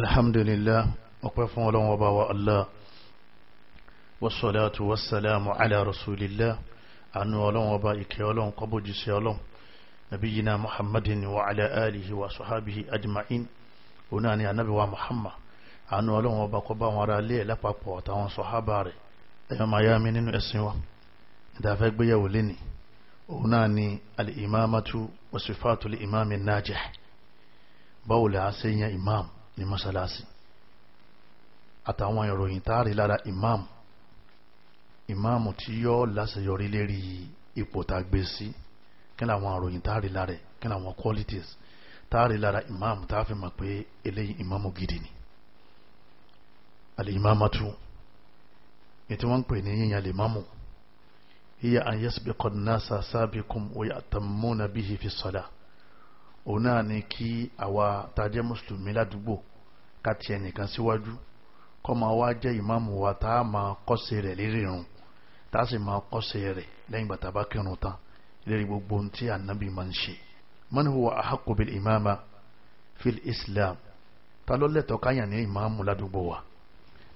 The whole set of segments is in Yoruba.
alhamdulillah ọpẹ́ fún ọlọ́run ọba wa allah wassalatu wassalamu ala rasulillah àánú ọlọ́run ọba ìkẹ́ ọlọ́run kọ́bọ̀jì sí ọlọ́run nabiyina muhammadin wa ala alihi wa sahabihi ajma'in ona ni anabi wa muhammad àánú ọlọ́run ọba kọ́ bá wọn ara lé ẹ̀ lápapọ̀ àtàwọn sọ̀hábà rẹ̀ ẹ̀yọ́ máa yá mi nínú ní mọ́sálásí àtàwọn ìròyìn táàrí lára imam imam tí yóò láṣeyọrí lérí ipò tá sí kí làwọn ìròyìn táàrí lára kí làwọn qualities táàrí lára imam tá a pé eléyìí imam gidi ni alìmọ́mọ́tú ní wọ́n ń pè ní yíyan lèmọ́mù hiya an yasbiqu an-nasa sabiqum wa ya'tammuna fi s òun náà ni kí àwa tá a jẹ́ mùsùlùmí ládùúgbò ká ti ẹnìkan síwájú kó máa wá jẹ́ ìmáàmù wa tá a máa kọ́sẹ̀ rẹ̀ lérí irun tá a sì máa kọ́sẹ̀ rẹ̀ lẹ́yìn bàtà bá kírun tán lérí gbogbo ohun tí ànábì máa ń ṣe. man huwa ahaqqu bil imama fil islam ta ló lẹ́tọ̀ọ́ káyàn ní ìmáàmù ládùúgbò wa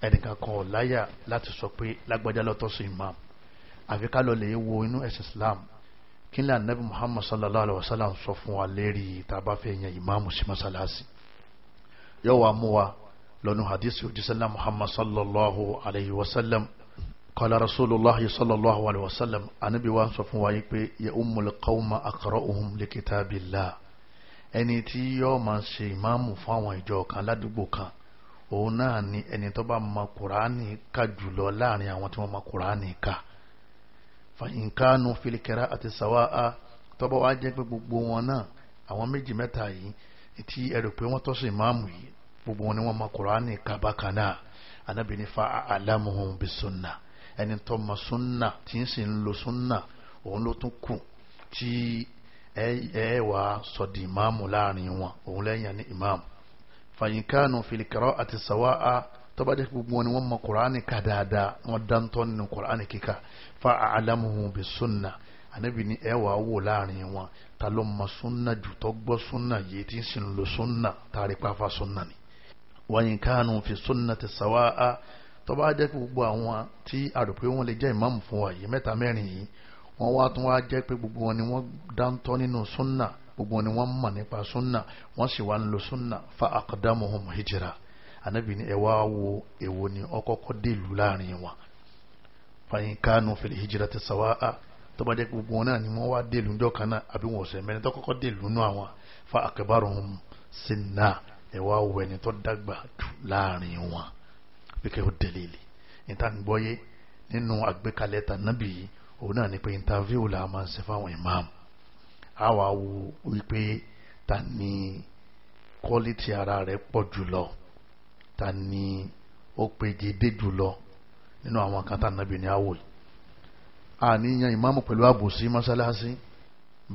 ẹnìkan kan ò láyà láti sọ pé lágbájá lọ́tọ̀ sí ìmáàmù àfi ká lọ lè wo inú ẹ̀sìn islam kí ní ànábì muhammad sallallahu alaihi wasallam sọ fún wa lérí tàbá fẹ́ yan ìmáàmù sí masalasi yóò wá mú wa lọ́nu hadisi òjísẹ́lá muhammad sallallahu alaihi wasallam qala rasulullahi sallallahu alaihi wasallam ànábì wa sọ fún wa yí pé ya ummul qawma aqra'uhum li kitabillah ẹni tí yóò máa ṣe ìmáàmù fún àwọn ìjọ kan ládùúgbò kan òun náà ni ẹni tó bá ma kùránì ká jùlọ láàrin àwọn tí wọ́n ma kùránì ká fàyínkánu filikẹ́ra àti sàwáà tọ́bọ̀ wá jẹ́ pé gbogbo wọn náà àwọn méjì mẹ́ta yìí tí ẹ̀rù pé wọ́n tọ́sí ìmáàmù yìí gbogbo wọn ni wọ́n ma kùránì kábàkánà anábì ní fa àlámùhùn bí sunna ẹni tó ma sunna tí ń sì ń lo sunna òun ló tún kù tí ẹ ẹ wà sọ ìmáàmù láàrin wọn òun lẹ́yìn ní ìmáàmù fàyínkánu filikẹ́ra àti sàwáà tó bá jẹ́ gbogbo wọn ni wọ́n mọ kùránì ká dáadáa wọ́n dáńtọ́ nínú kùránì kíkà fa àlámùhùn bí súnà ànábì ní ẹ wàá wò láàrin wọn ta ló mọ súnà jù tó gbọ́ súnà yìí tí ń sin lo súnà tàrí pàfà súnà ni. wọ́n kánú fi súnà ti sàwá a tó bá gbogbo àwọn tí àròpé wọn lè jẹ́ ìmáàmù fún wa yìí mẹ́ta mẹ́rin yìí wọ́n wá tún wá jẹ́ pé gbogbo wọn ni wọ́n dáńtọ́ nínú súnà gbogbo wọn ni wọ́n mọ̀ nípa súnà wọ́n sì wá ń lo súnà fa aqdamuhum hijira anabi ni ẹ wá wo èwo ni ọkọ̀ọ̀kọ̀ dèlù láàrin wọn fàyín kánú fil hijrati sawa'a tó bá jẹ́ gbogbo wọn náà ni wọ́n wá dèlù ńjọ́ kan náà àbí wọn ò mẹ́rin tó kọ́kọ́ dèlù nú àwọn fa akbaruhum sinna ẹ wá wo ẹni tó dàgbà jù láàrin wọn bíkẹ́ ó dẹ̀lẹ́lẹ̀ níta ń gbọ́yé nínú àgbékalẹ̀ tànàbì yìí òun náà ni pé interview la máa ń ṣe fáwọn imam a wá wo wípé ta ni quality ara rẹ̀ pọ̀ jùlọ ta ni ó pegedé jùlọ nínú àwọn kan tá nàbì ní àwò yìí àníyàn ìmáàmù pẹ̀lú àbòsí mọ́sálásí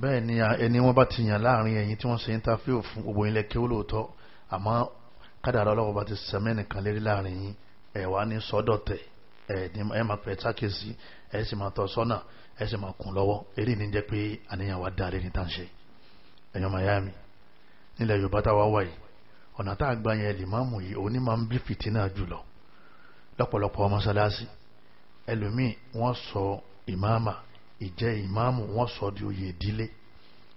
bẹ́ẹ̀ ni ẹni wọ́n bá ti yàn láàrin ẹ̀yìn tí wọ́n ṣe ń ta fíò fún gbogbo ilẹ̀ kí ó lóòótọ́ àmọ́ kádàrá ọlọ́wọ́ bá ti sẹ́mẹ́ nìkan lérí láàrin yín ẹ̀ wá ní sọ́dọ̀tẹ̀ ẹ̀ máa pẹ̀ tákèsí ẹ̀ sì máa tọ́ sọ́nà ẹ̀ sì máa kún lọ́wọ́ eré ní jẹ́ pé àníyàn wa dáa lẹ́ni tá à ẹ̀yọ́ miami nílẹ̀ Yorùbá táwa wà ọ̀nà tá a gba yẹn lìmáàmù yìí òun ni máa ń bí fìtínà jùlọ lọ́pọ̀lọpọ̀ mọ́sálásí ẹlòmíì wọ́n sọ ìmáàmà ìjẹ́ ìmáàmù wọ́n sọ di oyè ìdílé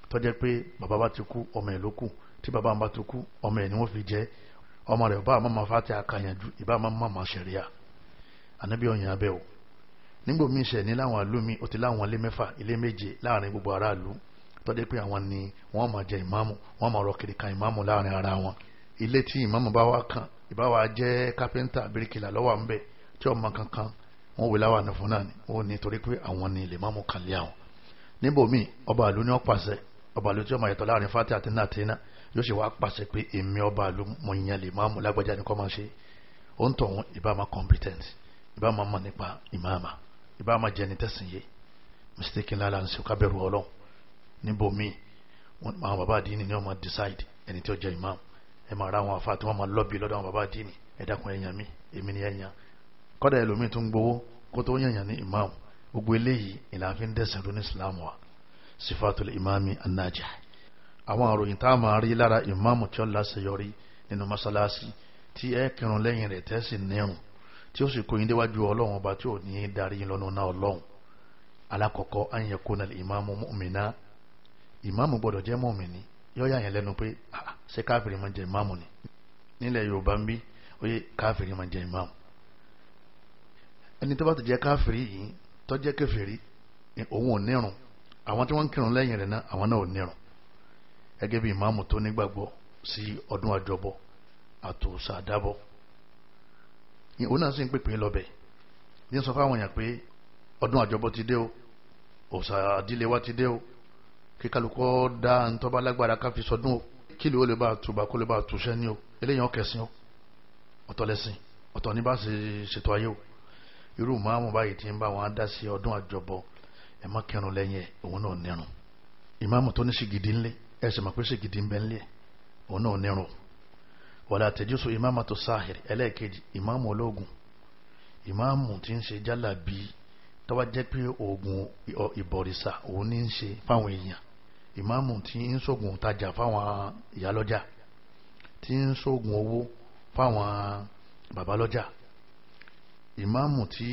tó jẹ́ pé bàbá bá ti kú ọmọ ẹ̀ ló kù tí bàbá bá ti kú ọmọ ẹ̀ ni wọ́n fi jẹ́ ọmọ rẹ̀ bá àmọ́ máa fàtẹ́ akànyànjú ìbá máa máa máa ṣẹ̀ríà ànábì ọ̀yìn abẹ́ o nígbò míì ṣẹ̀ ní láwọn àlómi ó ti láwọn ilé mẹ́fà ilé méje láàrin gbogbo aráàlú tó pé àwọn ni wọ́n máa jẹ ìmáàmù wọ́n máa rọ kiri kan ìmáàmù láàrin ara wọn ilé tí ìmáàmù bá wá kàn ìbá wa jẹ́ kápẹ́ńtà bíríkìlà lọ́wọ́ à ń bẹ̀ tí ọmọ kankan wọn wò láwà ní fún náà ni wọn ní torí pé àwọn ni lè máàmù kan lé àwọn níbòmíì ọba àlú ni wọn pàṣẹ ọba àlú tí ọmọ yàtọ̀ láàrin fati àti náà yóò ṣe wá pàṣẹ pé èmi ọba àlú mo yan lè máàmù lágbájá ni kò máa ṣe ó ń tọ̀hún ìbá máa competent ìbá máa mọ̀ nípa ìmáàmà ìbá máa jẹni tẹ̀sìn yé mistake ńlá la ń ṣe kábẹ́rù ọlọ́run níbòmíì àwọn bàbá àdínì ni wọ́n máa decide ẹni tí ó jẹ́ ìmáàmù ẹ máa ra àwọn àfa tí wọ́n máa lọ́bì lọ́dọ̀ àwọn bàbá àdínì ẹ dákun ẹ̀yàn mi èmi ni ẹ̀yàn kọ́dà ẹlòmíì tó ń gbowó kó tó yànyàn ní ìmáàmù gbogbo eléyìí ìlàfin dẹ̀sìn ló ní ìsìláàmù wa sifatul imami anájà àwọn àròyìn tá a máa rí lára ìmáàmù tí ó láṣeyọrí nínú mọ́sálásí tí ẹ kírun lẹ́yìn rẹ̀ tẹ́sí nírun tí ó sì kó yín déwájú ọlọ́run ọba tí ò ní darí lọ́nà náà ọlọ́run alákọ̀ọ́kọ́ an yakuna al imamu mu'mina ìmáàmù gbọ́dọ̀ jẹ́ mọ̀mìnì yọ́ yà yẹn lẹ́nu pé ah Se káfìrí máa jẹ ìmáàmù ni nílẹ̀ yorùbá ń bí ó yẹ káfìrí máa jẹ ìmáàmù ẹni tó bá ti jẹ káfìrí yìí tó jẹ kèfèrí òun ò nírun àwọn tí wọ́n ń kírun lẹ́yìn rẹ̀ náà àwọn náà ò nírun gẹ́gẹ́ bí ìmáàmù tó nígbàgbọ́ sí ọdún àjọbọ àtòsà àdábọ̀ òun náà sì ń pèpè lọ́bẹ̀ ní sọ fáwọn èèyàn pé ọdún àjọbọ ti dé o òsà àdílé wa ti dé o kíkálukọ́ dá ntọ́ba lágbára ká fi sọdún o kílì ó lè bá tuba kó lè bá tuṣẹ́ ní o eléyìí wọn kẹsìn o ọ̀tọ̀ lẹ́sìn ọ̀tọ̀ ní bá ṣe ṣètò ayé o irú màámu báyìí ti ń bá wọn dá sí ọdún àjọbọ ẹ má kẹrun lẹ́yìn ẹ òun náà nírun ìmáàmù tó ní ṣìgìdì ńlẹ̀ ẹ sì mọ̀ pé ṣìgìdì ńbẹ ńlẹ̀ òun náà nírun wàlá àtẹjúṣu ìmáàmù tó sáhìrì ẹlẹ́ẹ̀kejì ìmáàmù ológun ìmáàmù tí ń ṣe jálà bíi tọ́wá jẹ́ pé oògùn ìbọ̀rìṣà òun ní ń ṣe fáwọn èèyàn ìmáàmù tí ń sógun tajà fáwọn ìyálọ́jà tí ń sógun owó fáwọn babalọ́jà ìmáàmù tí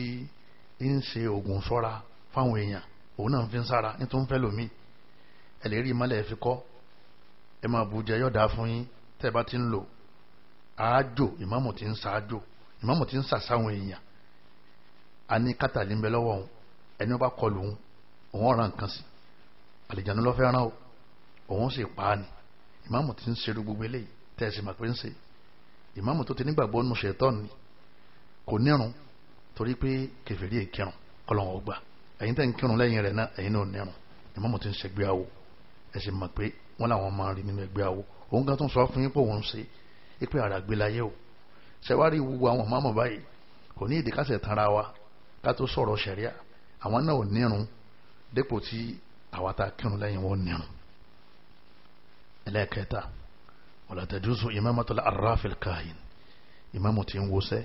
ń ṣe oògùn sọ́ra fáwọn èèyàn òun náà fi ń sára nítorí ń fẹ́ lòmíì ẹ lè fi kọ́ ẹ máa bu jẹ yọ̀dá fún yín tẹ́ ẹ bá ti ń lò àájò ìmáàmù tí ń ṣáájò ìmáàmù tí ń ṣàṣàwọn èèyàn a ní kátàlí ń bẹ lọ́wọ́ òun ẹni ó bá kọlù òun òun ọ̀ràn kan sí i àlìjánu lọ fẹ́ràn o òun sì pa á ni ìmáàmù ti ń ṣerú gbogbo eléyìí tẹ́ẹ̀sì mà pé ń ṣe ìmáàmù tó ti nígbàgbọ́ nù ṣètọ́ ni kò nírun torí pé kẹfẹ́rí ìkírun kọlọ́wọ́n ọgbà ẹ̀yin tẹ́ ń kírun lẹ́yìn rẹ̀ náà ẹ̀yin náà nírun ìmáàmù ti ń ṣẹgbẹ́ àwò ẹ̀sì mà pé wọ́n làwọn máa rí nínú ẹgbẹ́ àwò òun kan tó sọ fún yín pé òun ṣe é pé àràgbé láyé o ṣẹwárí gbogbo àwọn ìmáàmù báyìí kò ní ìdíkásẹ̀ tanra wa ká tó sọ̀rọ̀ ṣẹ̀ríà àwọn náà ò nírun dépò tí àwa tá a kírun lẹ́yìn wọn nírun ẹlẹ́ẹ̀kẹta wala tajuzu imamatul arrafil kahin ìmáàmù tí ń wọṣẹ́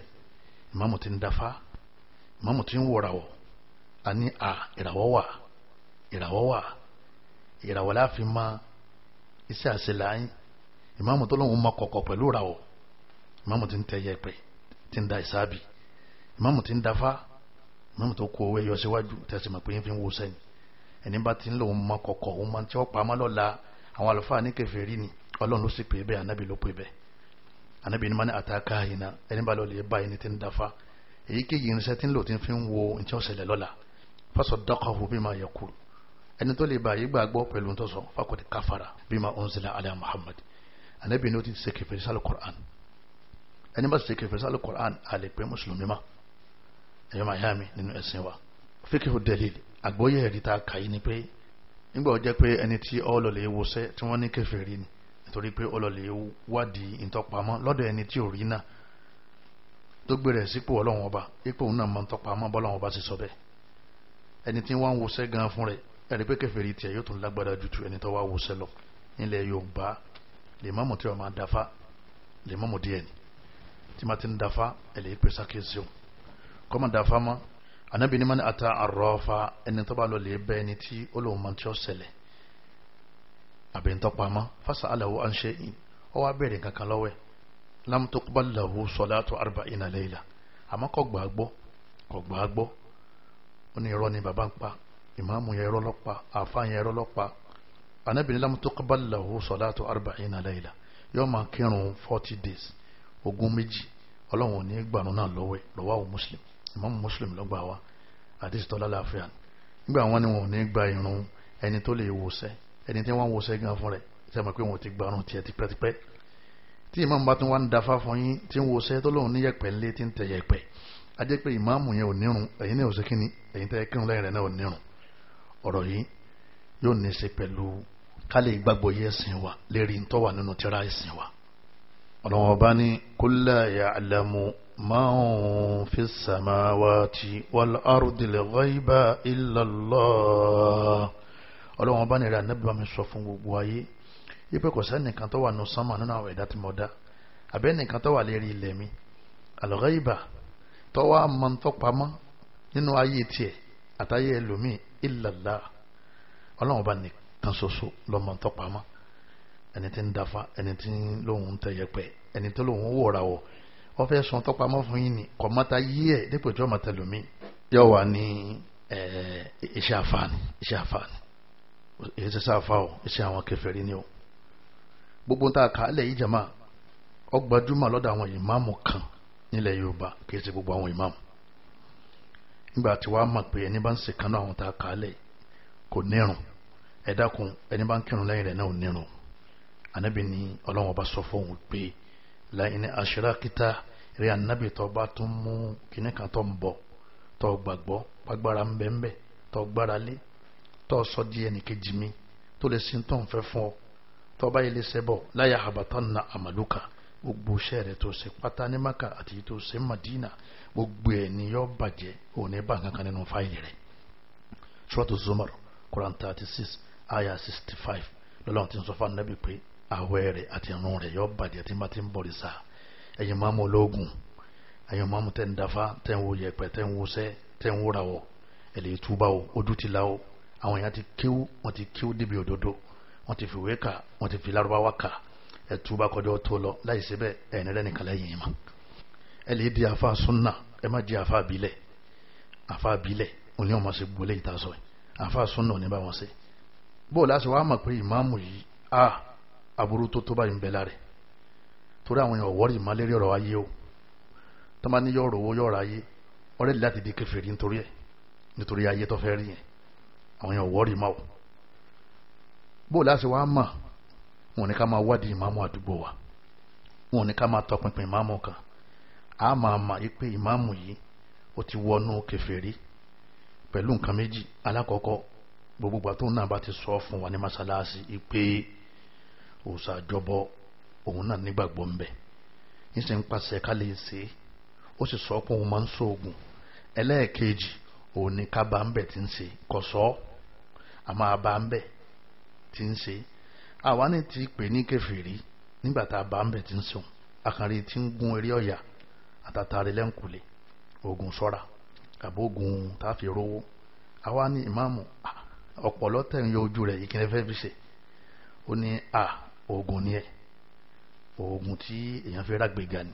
ìmáàmù tí ń dáfá ìmáàmù tí ń wọ̀ràwọ̀ a ní a ìràwọ̀ wà ìràwọ̀ wà ìràwọ̀ láàfin ma iṣẹ́ àṣeláyìn ìmáàmù tó lóun ma kọ̀kọ̀ pẹ̀lú ìràwọ̀ ìmáàmù tí ń tẹ yẹpẹ̀ tí ń da ìsáàbì ìmáàmù tí ń dáfá ìmáàmù tó kó owó ẹyọ síwájú tẹ̀sí mọ̀ pé ń fi ń wọṣẹ́ ni ẹni bá ti ń lò ń mọ kọ̀kọ̀ òun máa ń tí wọ́n pa á mọ́ lọ́la àwọn àlùfáà ní kèfèrí ni ọlọ́run ló sì pè bẹ́ẹ̀ anábì ló pè bẹ́ẹ̀ anábì ní mani àtàkà ìhìnà ẹni bá lọ bá ẹni tí ń dafa èyíkéyìí irinṣẹ́ tí ń lò ti fi ń wo ní tí wọ́n ṣẹlẹ̀ lọ́la fásọ dákọ̀hù bima yaqulu ẹni tó lè bá yí gbàgbọ́ pẹ̀lú tó sọ faqad kafara bima unzila ala Muhammad anábì ní ó ti ṣe kèfèrí sálù Qur'an ẹni bá ṣe kèfèrí sálù Qur'an àlè pé mùsùlùmí ma ẹ̀yọ́ máa yá mi nínú ẹ̀sìn wa fíkìhù dẹ́lílì àgbóyè ẹ̀rí tá a ni pé nígbà ó jẹ́ pé ẹni tí ọlọ́lẹ̀ wọṣẹ́ tí wọ́n ní kèfèrí ni nítorí pé ọlọ́lẹ̀ wádìí ìtọ́pamọ́ lọ́dọ̀ ẹni tí ò rí náà tó gbèrè sípò ọlọ́run ọba ipò òun náà máa ń tọ́pamọ́ bọ́lọ́run ọba sì sọ bẹ́ẹ̀ ẹni tí wọ́n ń wọṣẹ́ gan fún rẹ̀ ẹ̀rí pé kèfèrí tiẹ̀ yóò tún lágbára ju tu ẹni tó wá wọṣẹ́ lọ nílẹ̀ Yorùbá lè má mọ̀ anabi ni mani ata arọ́fa ẹni tó bá lọ lè bẹ́ ẹni tí ó lòun máa ti ọ́ ṣẹlẹ̀ àbí ntọ́pamọ́ fásitì aláwo à ń ṣe in ọ wá bèrè kankan lọ́wẹ́ lam tuqbal lahu salatu arba'ina layla àmọ́ kò gbà á gbọ́ kò gbà gbọ́ ó ní irọ́ ni bàbá ń pa ìmáàmù yẹn irọ́ lọ́pa àáfàá yẹn irọ́ lọ́pa anabi ni lam tuqbal lahu salatu arba'ina layla yóò máa kírun forty days ogún méjì ọlọ́run ò ní gbàrún náà lọ́wẹ́ lọ́wọ́ àwọn muslim Imam Muslim ló gbà wá àdìsí tọ́lá láàfíà nígbà wọn ni wọn ò ní gba irun ẹni tó lè wòsẹ́ ẹni tí wọ́n wòsẹ́ gan fún rẹ̀ sẹ́mi pé wọn ti gba irun tiẹ̀ tipẹ́tipẹ́ tí imam bá tún wá ń dafa fún yín tí ń wòsẹ́ tó lóun ní yẹ̀pẹ̀ ńlé tí ń tẹ̀ yẹ̀pẹ̀ a jẹ́ pé ìmáàmù yẹn ò nírun ẹ̀yin náà ò sí kíni ẹ̀yin tẹ́ kírun lẹ́yìn rẹ̀ náà ò nírun ọ̀rọ̀ yìí yóò ní ṣe pẹ̀lú kálí ìgbàgbọ́ yẹ ẹ̀sìn wa lérí ń tọ́wà nínú tíra ẹ̀sìn wa ọlọ́wọ́n bá ní kúlẹ̀ ya'lamu من في السماوات والأرض الغيب إلا الله ọlọ́wọ́n bá nira anabi bá mi sọ fún gbogbo ayé yípe kò sẹ́nìkan tó wà nù sánmà nínú àwọn ẹ̀dá tí mo dá àbẹ́nìkan tó wà lérí ilẹ̀ mi al-ghaiba tó wà mọ́ tó pamọ́ nínú ayé tiẹ̀ àtàyè ẹlòmíì illa Allah ọlọ́wọ́n bá nìkan ṣoṣo lọ́mọ tó pamọ́ ẹni tí ń dafa ẹni tí lóun tẹ̀yẹpẹ ẹni tí lóun wòra wọ̀ wọ́n fẹ́ sọ tọ́pọ̀ amọ́ fún yín ni kọ̀mọ́ta yí ẹ̀ dípò tí wọ́n mọ̀tẹ́ lómi yóò wà ní iṣẹ́ àfààní iṣẹ́ àfààní èyí sáfà o iṣẹ́ àwọn kèfèrí ni o gbogbo ń ta àkàálẹ̀ yìí jẹ̀má ọgbàdúmọ̀ lọ́dọ̀ àwọn ìmáàmù kan nílẹ̀ Yorùbá kì í ṣe gbogbo àwọn ìmáàmù nígbà tí wàá mọ̀ pé ẹni bá ń ṣe kanú àwọn tá a kò nírun ẹ ẹni bá ń kírun lẹ́yìn rẹ̀ náà ò nírun ànábì ni Ọlọ́run ọba sọ fóun pé lẹ́yìn aṣírákítà rí ànábì tó bá tún mú kíní kan tó ń bọ̀ tó gbàgbọ́ pàgbára ń bẹ́ńbẹ́ tó gbára lé tó sọ di ẹnìkejì mi tó lè sin tó ń fẹ́ fún ọ tó bá yẹ lè ṣẹbọ láyà àbátánà àmàlùkà gbogbo iṣẹ́ rẹ̀ tó ṣe pátá ní maka àti tó ṣe madina gbogbo ẹ̀ ni yọ bàjẹ́ òní bá kankan nínú fáìlì rẹ̀ ṣọ́ọ̀tù zumar quran thirty six ayah sixty five lọ́lọ́run ti sọ fún anabi pé àwẹ̀ rẹ̀ àti ìrun rẹ̀ yọ bàjẹ́ tí ma ti ń bọ̀rì sá ẹ̀yin máa mú ológun ẹ̀yin máa mú tẹ̀ń dáfá tẹ̀ń wo yẹ̀pẹ̀ tẹ̀ń wo sẹ́ tẹ̀ń wo ra wọ̀ ẹ̀lẹ́ ìtúbà o ojú ti la o àwọn èèyàn ti kíw wọ́n ti kíw débi òdodo wọ́n ti fìwé kà wọ́n ti fi lárúbáwá kà ẹ̀túbà kọjọ́ tó lọ láì síbẹ̀ ẹ̀yìn rẹ̀ nìkan lẹ́yìn ma ẹ̀lẹ́ di àfa sunna ẹ má di àfa abilẹ̀ àfa abilẹ̀ òní wọn ma gbolé ìtasọ̀ àfa sunna òní bá wọn ṣe bóòlù àṣewà á mọ̀ pé ìmáàmù yìí ah aburú tó tó báyìí ń bẹ láre torí àwọn èèyàn wọ́ọ̀rì má lérí ọ̀rọ̀ ayé o tó máa ní yọ̀ọ̀rọ̀ owó yọ̀ọ̀rọ̀ ayé ọ̀rẹ́ láti di kèfèrí nítorí ẹ̀ nítorí ayé tó fẹ́ rí yẹn àwọn èèyàn wọ́ọ̀rì má o bó láti wá mà wọn ní ká máa wádìí ìmáàmù àdúgbò wa wọn ní ká máa tọpinpin ìmáàmù kan a máa mà yí pé ìmáàmù yìí ó ti wọnú kèfèrí pẹ̀lú nǹkan méjì alákọ̀ọ́kọ́ gbogbo gbà náà bá ti sọ fún wa ní masalasi ìpè òòṣà àjọbọ òun náà nígbàgbọ́ ń bẹ níṣẹ́ ń pàṣẹ ká lè ṣe é ó sì sọ pé òun máa ń ẹlẹ́ẹ̀kejì òun ni ká bá ń bẹ̀ tí ń ṣe kọ̀ sọ́ ti pè ní a bá ń bẹ̀ tí ń àkànrí tí ń eré ọ̀yà àtàtàrí lẹ́ǹkulè oògùn sọ́ra àbó oògùn tá a fi rówó àwa ní ìmáàmù ọ̀pọ̀lọ́tẹ̀ ń yọ ojú oògùn ni ẹ oògùn tí èèyàn fi rágbèga ni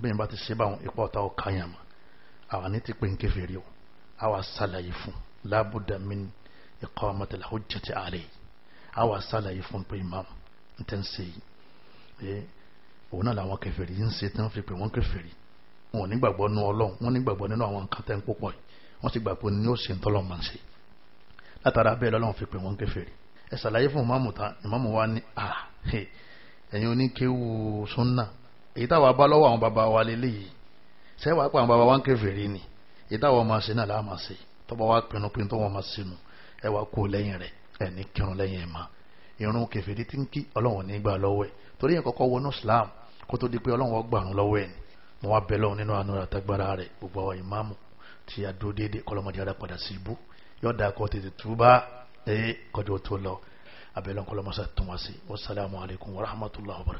bẹ́ẹ̀ bá ti ṣe báwọn ipa ọ̀tá ọ̀ka yàn mọ́ àwa ní ti pè ń kèfèrí o àwa ṣàlàyé fún lábúdà min iqamatil hujjati alayhi àwa ṣàlàyé fún pé imam ń tẹ́ ń ṣe yìí òun náà làwọn kèfèrí ń ṣe tí wọ́n fi pè wọ́n kèfèrí wọn ò nígbàgbọ́ nínú ọlọ́run wọn nígbàgbọ́ nínú àwọn nǹkan tẹ́ ń pòpọ̀ yìí wọ́n sì gbàgbọ́ ní ó ṣe ń tọ́lọ́ máa ń ṣe látara bẹ́ẹ̀ lọ́lọ́run fi pè wọ́n kèfèrí ẹ ṣàlàyé fún ìmáàmù tán ìmáàmù wa ní à ẹ̀yin oníkéwu súnà èyí táwa bá lọ́wọ́ àwọn bàbá wa lélẹ́yìí sẹ́wà pa àwọn bàbá wa ń kèfèrí ni èyí táwa máa ṣe náà láà máa ṣe tọ́ba wa pinnu pinnu tó wọ́n máa ṣe nù ẹ wá kó lẹ́yìn rẹ̀ ẹ̀ ní kírun lẹ́yìn ẹ̀ máa irun kèfèrí tí ń kí ọlọ́run ní gbà lọ́wọ́ ẹ̀ torí yẹn kọ́kọ́ wọnú Islam kó tó di pé ọlọ́run wọ́n gbàrún lọ́wọ́ ẹ̀ ni mo wá bẹ lọ́run nínú àánú àtagbára rẹ̀ gbogbo àwọn ìmáàmù tí a dúró déédéé kọ́lọ́mọdé ee kọjọ tó lọ abẹ́lẹ́ nkọlọmọsá tún wá sí wasalaamualeykum wa